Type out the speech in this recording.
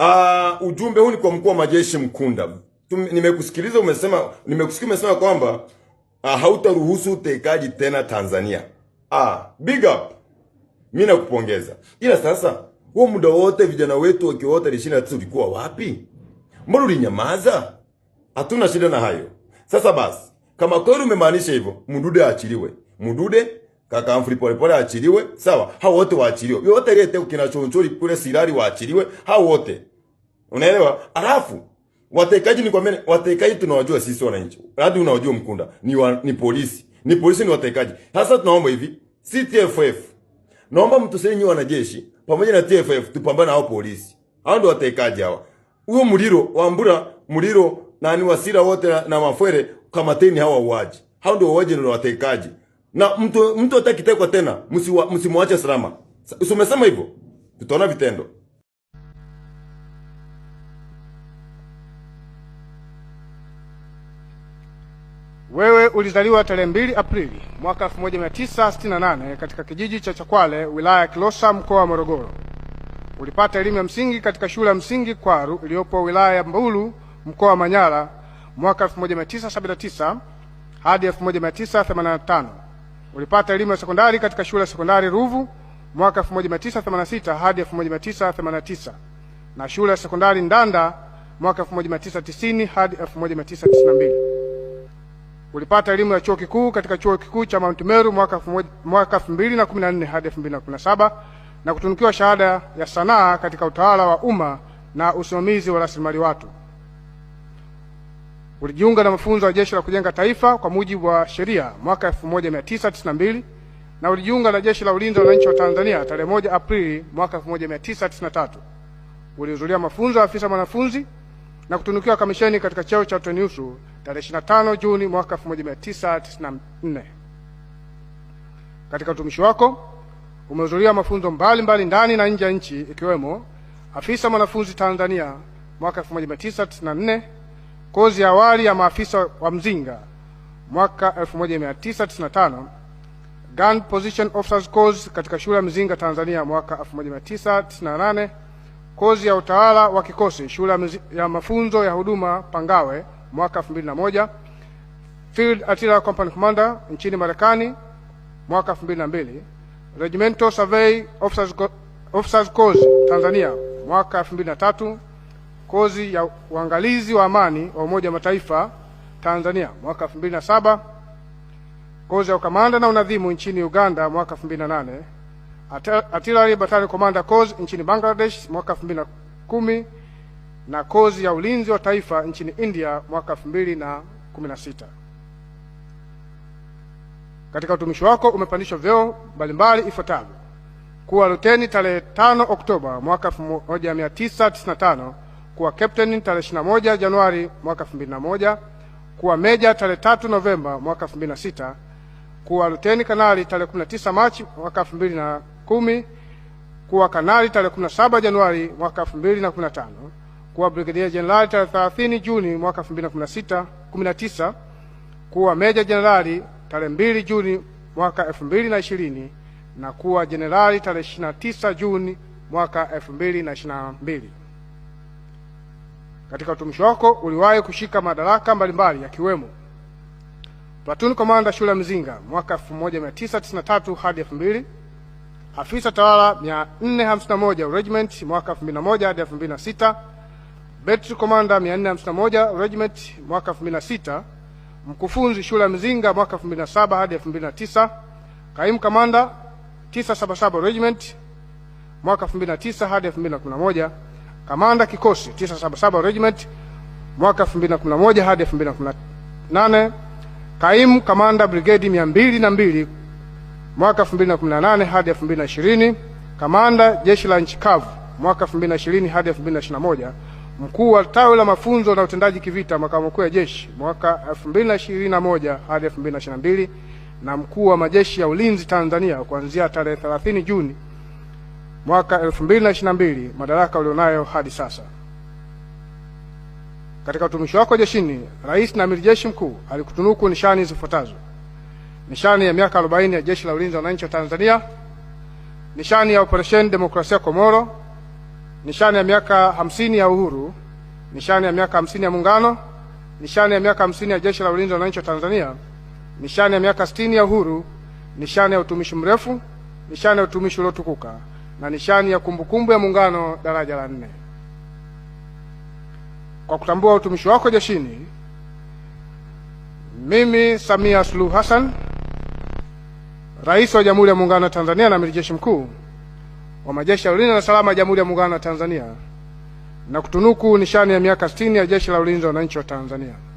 Uh, ujumbe huu ni kwa mkuu wa majeshi Mkunda. Nimekusikiliza umesema, nimekusikia umesema kwamba uh, hautaruhusu utekaji tena Tanzania. Ah, big up. Mimi nakupongeza. Ila sasa huo muda wote vijana wetu wakiwa wote 29 ulikuwa wapi? Mbona ulinyamaza? Hatuna shida na hayo. Sasa basi, kama kweli umemaanisha hivyo, Mdude aachiliwe. Mdude kaka Amfri pole pole aachiliwe, sawa? Hao wote waachiliwe. Yote aliyeteka kina Chonchori kule silari waachiliwe, hao wote. Unaelewa? Alafu watekaji ni kwambia watekaji tunawajua sisi wananchi. Hadi unawajua Mkunda ni wa, ni polisi. Ni polisi ni watekaji. Sasa tunaomba hivi, si TFF. Naomba mtusaidie nyinyi wanajeshi pamoja na TFF tupambane na hao polisi. Hao ndio watekaji hawa. Huyo Muliro wa mbura mliro na ni wasira wote na, na mafwere kama teni hawa uaji. Hao ndio uaji ndio watekaji. Na mtu mtu atakitekwa tena, msimwache salama. Usimesema hivyo. Tutaona vitendo. Wewe ulizaliwa tarehe 2 Aprili mwaka 1968 katika kijiji cha Chakwale, wilaya ya Kilosa, mkoa wa Morogoro. Ulipata elimu ya msingi katika shule ya msingi Kwaru iliyopo wilaya ya Mbulu, mkoa wa Manyara mwaka 1979 hadi 1985. Ulipata elimu ya sekondari katika shule ya sekondari Ruvu mwaka 1986 hadi 1989 na shule ya sekondari Ndanda mwaka 1990 hadi 1992. Ulipata elimu ya chuo kikuu katika chuo kikuu cha Mount Meru mwaka 2014 hadi 2017 na kutunukiwa shahada ya sanaa katika utawala wa umma na usimamizi wa rasilimali watu. Ulijiunga na mafunzo ya Jeshi la Kujenga Taifa kwa mujibu wa sheria mwaka 1992 na ulijiunga na Jeshi la Ulinzi wa Wananchi wa Tanzania tarehe 1 Aprili mwaka 1993. Ulihudhuria mafunzo ya afisa mwanafunzi na kutunukiwa kamisheni katika cheo cha uteniusu tarehe 25 Juni mwaka 1994. Katika utumishi wako umehudhuria mafunzo mbalimbali ndani na nje ya nchi ikiwemo afisa mwanafunzi Tanzania mwaka 1994, kozi ya awali ya maafisa wa mzinga mwaka 1995, gun position officers course katika shule ya mzinga Tanzania mwaka 1998, kozi ya utawala wa kikosi shule ya mafunzo ya huduma Pangawe mwaka 2001, Field Artillery Company Commander nchini Marekani mwaka 2002, Regimental Survey Officers, Officers Course Tanzania mwaka 2003, kozi ya uangalizi wa amani wa Umoja wa Mataifa Tanzania mwaka 2007, kozi ya ukamanda na unadhimu nchini Uganda mwaka 2008, Artillery Battalion Commander Course nchini Bangladesh mwaka 2010 na kozi ya ulinzi wa taifa nchini India mwaka 2016. Katika utumishi wako umepandishwa vyeo mbalimbali ifuatavyo: kuwa luteni tarehe 5 Oktoba mwaka 1995, kuwa captain tarehe 21 Januari mwaka 2001, kuwa meja tarehe 3 Novemba mwaka 2006, kuwa luteni kanali tarehe 19 Machi mwaka 2010, kuwa kanali tarehe 17 Januari mwaka 2015 kuwa brigedia jenerali tarehe 30 Juni mwaka 2016 19 kuwa meja jenerali tarehe 2 Juni mwaka 2020 na kuwa jenerali tarehe 29 Juni mwaka 2022. Katika utumishi wako uliwahi kushika madaraka mbalimbali yakiwemo platoon commander shule ya Mzinga mwaka 1993 hadi 2000, afisa tawala 451 regiment mwaka 2001 hadi Betri Komanda 451 Regiment mwaka 2006, mkufunzi shule ya Mzinga mwaka 2007 hadi 2009, kaimu kamanda 977 Regiment mwaka 2009 hadi 2011, kamanda kikosi 977 Regiment mwaka 2011 hadi 2018, kaimu kamanda brigedi 202 mwaka 2018 hadi 2020, kamanda jeshi la nchi kavu mwaka 2020 hadi 2021 mkuu wa tawi la mafunzo na utendaji kivita makao makuu ya jeshi mwaka 2021 hadi 2022 na mkuu wa majeshi ya ulinzi Tanzania kuanzia tarehe 30 Juni mwaka 2022 madaraka ulionayo hadi sasa. Katika utumishi wako jeshini, Rais na Amiri Jeshi Mkuu alikutunuku nishani zifuatazo: nishani ya miaka 40 ya Jeshi la Ulinzi wa Wananchi wa Tanzania, nishani ya Operesheni Demokrasia Komoro, nishani ya miaka hamsini ya uhuru, nishani ya miaka hamsini ya Muungano, nishani ya miaka hamsini ya Jeshi la Ulinzi la Wananchi wa Tanzania, nishani ya miaka sitini ya uhuru, nishani ya utumishi mrefu, nishani ya utumishi uliotukuka na nishani ya kumbukumbu ya Muungano daraja la nne. Kwa kutambua utumishi wako jeshini, mimi Samia Suluhu Hassan, Rais wa Jamhuri ya Muungano wa Tanzania na Amiri Jeshi Mkuu wa majeshi ya ulinzi na salama ya Jamhuri ya Muungano wa Tanzania na kutunuku nishani ya miaka 60 ya Jeshi la Ulinzi wa Wananchi wa Tanzania.